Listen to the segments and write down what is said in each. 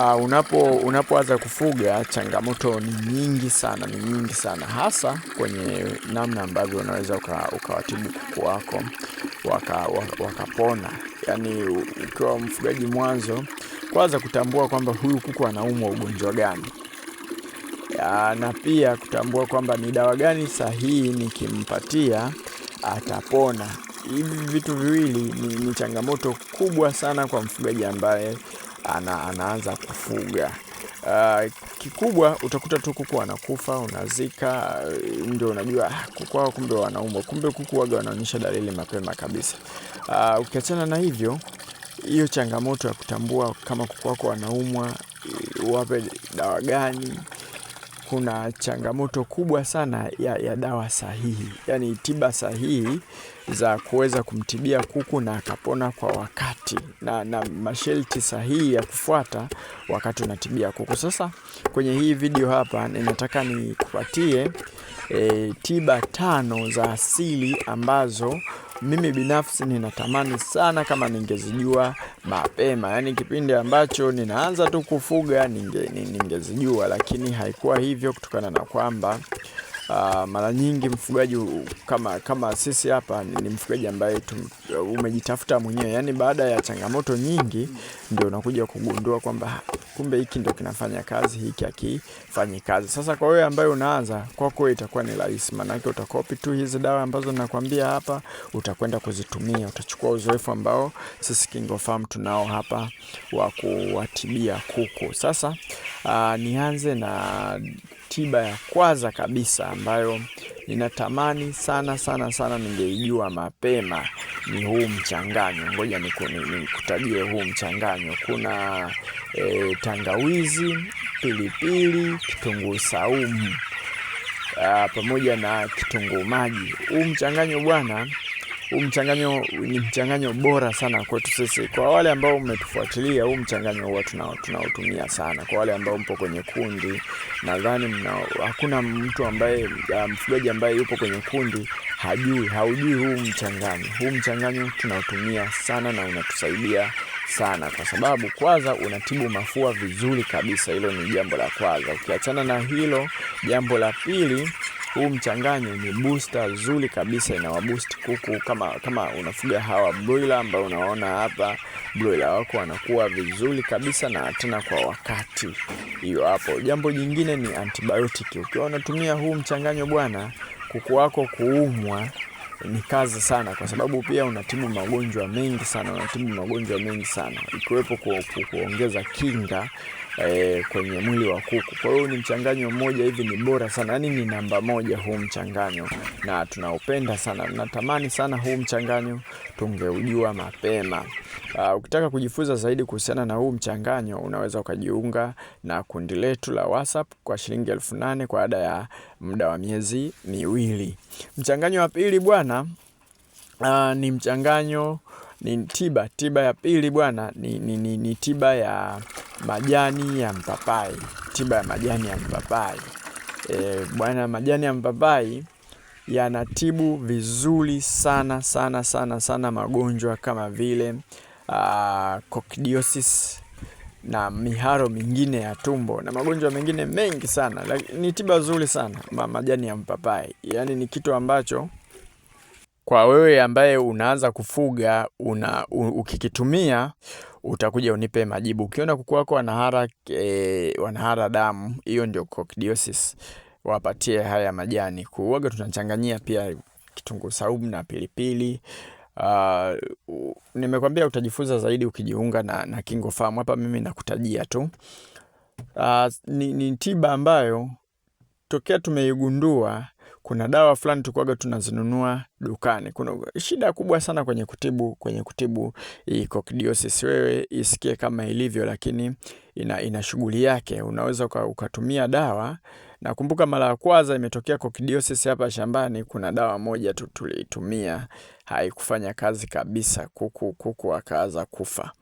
Uh, unapo unapoanza kufuga changamoto ni nyingi sana, ni nyingi sana hasa kwenye namna ambavyo unaweza ukawatibu uka kuku wako wakapona waka, yaani ukiwa mfugaji mwanzo, kwanza kutambua kwamba huyu kuku anaumwa ugonjwa gani ya, ah, na pia kutambua kwamba ni dawa gani sahihi nikimpatia atapona. Hivi vitu viwili ni, ni changamoto kubwa sana kwa mfugaji ambaye ana, anaanza kufuga. Uh, kikubwa utakuta tu kuku anakufa, unazika, eh, ndio unajua ah, kuku wao kumbe wanaumwa. Kumbe kuku waga wanaonyesha dalili mapema kabisa. Uh, ukiachana na hivyo, hiyo changamoto ya kutambua kama kuku wako wanaumwa, eh, wape dawa gani kuna changamoto kubwa sana ya, ya dawa sahihi, yaani tiba sahihi za kuweza kumtibia kuku na akapona kwa wakati na, na masharti sahihi ya kufuata wakati unatibia kuku. Sasa kwenye hii video hapa ninataka nikupatie e, tiba tano za asili ambazo mimi binafsi ninatamani sana kama ningezijua mapema, yaani kipindi ambacho ninaanza tu kufuga ninge, ningezijua, lakini haikuwa hivyo kutokana na kwamba Uh, mara nyingi mfugaji kama kama sisi hapa ni mfugaji ambaye uh, umejitafuta mwenyewe, yaani baada ya changamoto nyingi ndio unakuja kugundua kwamba kumbe hiki ndio kinafanya kazi, hiki hakifanyi kazi. Sasa kwa wewe ambaye unaanza, kwako itakuwa ni rahisi, maanake utakopi tu hizi dawa ambazo nakwambia hapa, utakwenda kuzitumia, utachukua uzoefu ambao sisi KingoFarm tunao hapa wa kuwatibia kuku. Sasa uh, nianze na tiba ya kwanza kabisa ambayo ninatamani sana sana sana ningeijua mapema ni huu mchanganyo. Ngoja nikutajie huu mchanganyo. Kuna e, tangawizi, pilipili, kitunguu saumu pamoja na kitunguu maji. Huu mchanganyo bwana huu mchanganyo ni mchanganyo bora sana kwetu sisi. Kwa wale ambao mmetufuatilia, huu mchanganyo huwa tunautumia sana. Kwa wale ambao mpo kwenye kundi, nadhani hakuna mtu ambaye ah, mfugaji ambaye yupo kwenye kundi hajui haujui huu mchanganyo. Huu mchanganyo tunautumia sana na unatusaidia sana kwa sababu kwanza unatibu mafua vizuri kabisa. Hilo ni jambo la kwanza. Ukiachana na hilo, jambo la pili huu mchanganyo ni booster nzuri kabisa, inawaboost kuku. Kama kama unafuga hawa broiler ambao unaona hapa, broiler wako wanakuwa vizuri kabisa na tena kwa wakati. Hiyo hapo. Jambo jingine ni antibiotic. Ukiwa unatumia huu mchanganyo bwana, kuku wako kuumwa ni kazi sana, kwa sababu pia unatibu magonjwa mengi sana, unatibu magonjwa mengi sana ikiwepo kuongeza kinga e, kwenye mwili wa kuku. Kwa hiyo ni mchanganyo mmoja hivi, ni bora sana, yani ni namba moja huu mchanganyo, na tunaupenda sana, natamani sana huu mchanganyo tungeujua mapema. Uh, ukitaka kujifunza zaidi kuhusiana na huu mchanganyo unaweza ukajiunga na kundi letu la WhatsApp kwa shilingi elfu nane kwa ada ya muda wa miezi miwili. Mchanganyo wa pili bwana, uh, ni mchanganyo ni tiba. Tiba ya pili bwana ni, ni, ni, ni tiba ya Majani ya mpapai, tiba ya majani ya mpapai. E, bwana, majani ya mpapai yanatibu vizuri sana sana sana sana magonjwa kama vile uh, coccidiosis na miharo mingine ya tumbo na magonjwa mengine mengi sana. Ni tiba nzuri sana ma majani ya mpapai, yaani ni kitu ambacho kwa wewe ambaye unaanza kufuga una, u, ukikitumia utakuja unipe majibu. Ukiona kuku wako wanahara, e, wanahara damu, hiyo ndio coccidiosis, wapatie haya majani. Kuuaga tunachanganyia pia kitunguu saumu na pilipili. Uh, nimekwambia utajifunza zaidi ukijiunga na, na Kingo fam Hapa mimi nakutajia tu uh, ni, ni tiba ambayo tokea tumeigundua kuna dawa fulani tukwaga tunazinunua dukani. Kuna shida kubwa sana kwenye kutibu kwenye kutibu kokidiosis, e, wewe isikie kama ilivyo, lakini ina, ina shughuli yake. Unaweza ukatumia dawa. Nakumbuka mara ya kwanza imetokea kokidiosis hapa shambani, kuna dawa moja tu tulitumia, haikufanya kazi kabisa, kuku kuku akaanza kufa.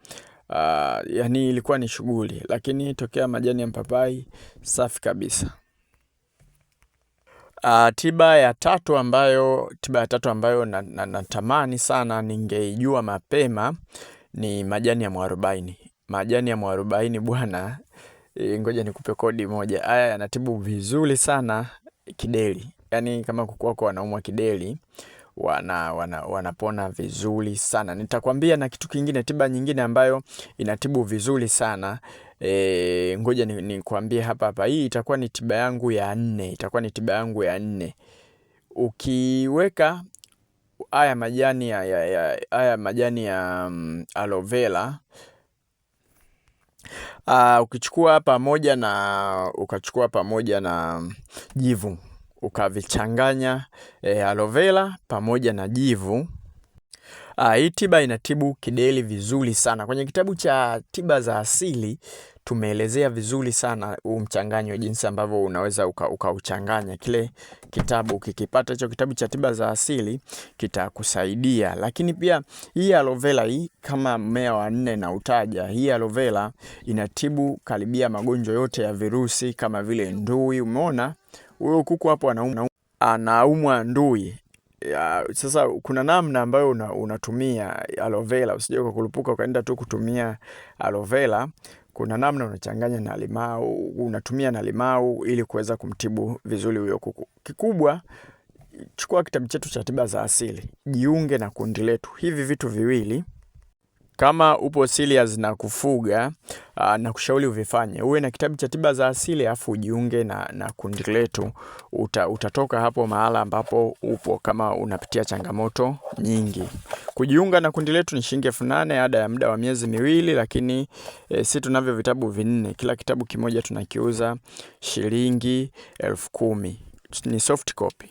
Uh, yani ilikuwa ni shughuli, lakini tokea majani ya mpapai safi kabisa. Uh, tiba ya tatu ambayo tiba ya tatu ambayo natamani na, na sana ningeijua mapema ni majani ya mwarobaini. Majani ya mwarobaini bwana, eh, ngoja nikupe kodi moja. Haya yanatibu vizuri sana kideli yaani kama kukuwa kwa wanaumwa kideli wana, wana, wanapona vizuri sana. Nitakwambia na kitu kingine, tiba nyingine ambayo inatibu vizuri sana e, ngoja nikwambie ni hapa hapa, hii itakuwa ni tiba yangu ya nne, itakuwa ni tiba yangu ya nne. Ukiweka haya majani ya, ya, ya, haya majani ya um, aloe vera uh, ukichukua pamoja na ukachukua pamoja na jivu ukavichanganya e, aloe vera pamoja na jivu. Ah, hii tiba inatibu kideli vizuri sana. Kwenye kitabu cha tiba za asili tumeelezea vizuri sana huu mchanganyo, jinsi ambavyo unaweza ukauchanganya uka kile kitabu. Kikipata hicho kitabu cha tiba za asili kitakusaidia. Lakini pia hii aloe vera hii kama mmea wa nne na utaja, hii aloe vera inatibu karibia magonjwa yote ya virusi kama vile ndui, umeona huyo kuku hapo anaumwa, anaumwa ndui ya, sasa kuna namna ambayo una, unatumia aloe vera, usije ukakulupuka ukaenda tu kutumia aloe vera. Kuna namna unachanganya na limau, unatumia na limau ili kuweza kumtibu vizuri huyo kuku. Kikubwa, chukua kitabu chetu cha tiba za asili, jiunge na kundi letu. Hivi vitu viwili kama upo serious na kufuga uh, na kushauri uvifanye, uwe na kitabu cha tiba za asili afu ujiunge na, na kundi letu. Uta, utatoka hapo mahala ambapo upo kama unapitia changamoto nyingi. Kujiunga na kundi letu ni shilingi elfu nane ada ya muda wa miezi miwili, lakini e, si tunavyo vitabu vinne, kila kitabu kimoja tunakiuza shilingi elfu kumi. Ni soft copy.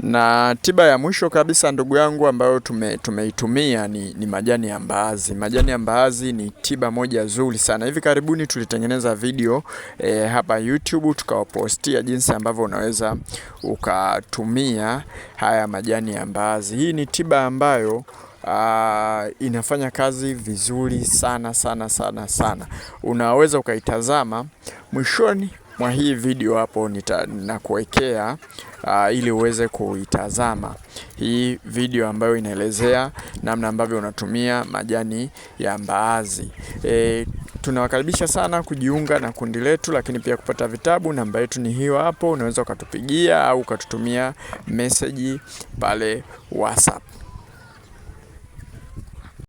Na tiba ya mwisho kabisa ndugu yangu ambayo tume, tumeitumia ni, ni majani ya mbaazi. Majani ya mbaazi ni tiba moja nzuri sana. Hivi karibuni tulitengeneza video e, hapa YouTube tukawapostia jinsi ambavyo unaweza ukatumia haya majani ya mbaazi. Hii ni tiba ambayo Uh, inafanya kazi vizuri sana sana sana sana. Unaweza ukaitazama mwishoni mwa hii video hapo nita, nakuwekea uh, ili uweze kuitazama hii video ambayo inaelezea namna ambavyo unatumia majani ya mbaazi. E, tunawakaribisha sana kujiunga na kundi letu, lakini pia kupata vitabu. Namba yetu ni hiyo hapo, unaweza ukatupigia au ukatutumia meseji pale WhatsApp.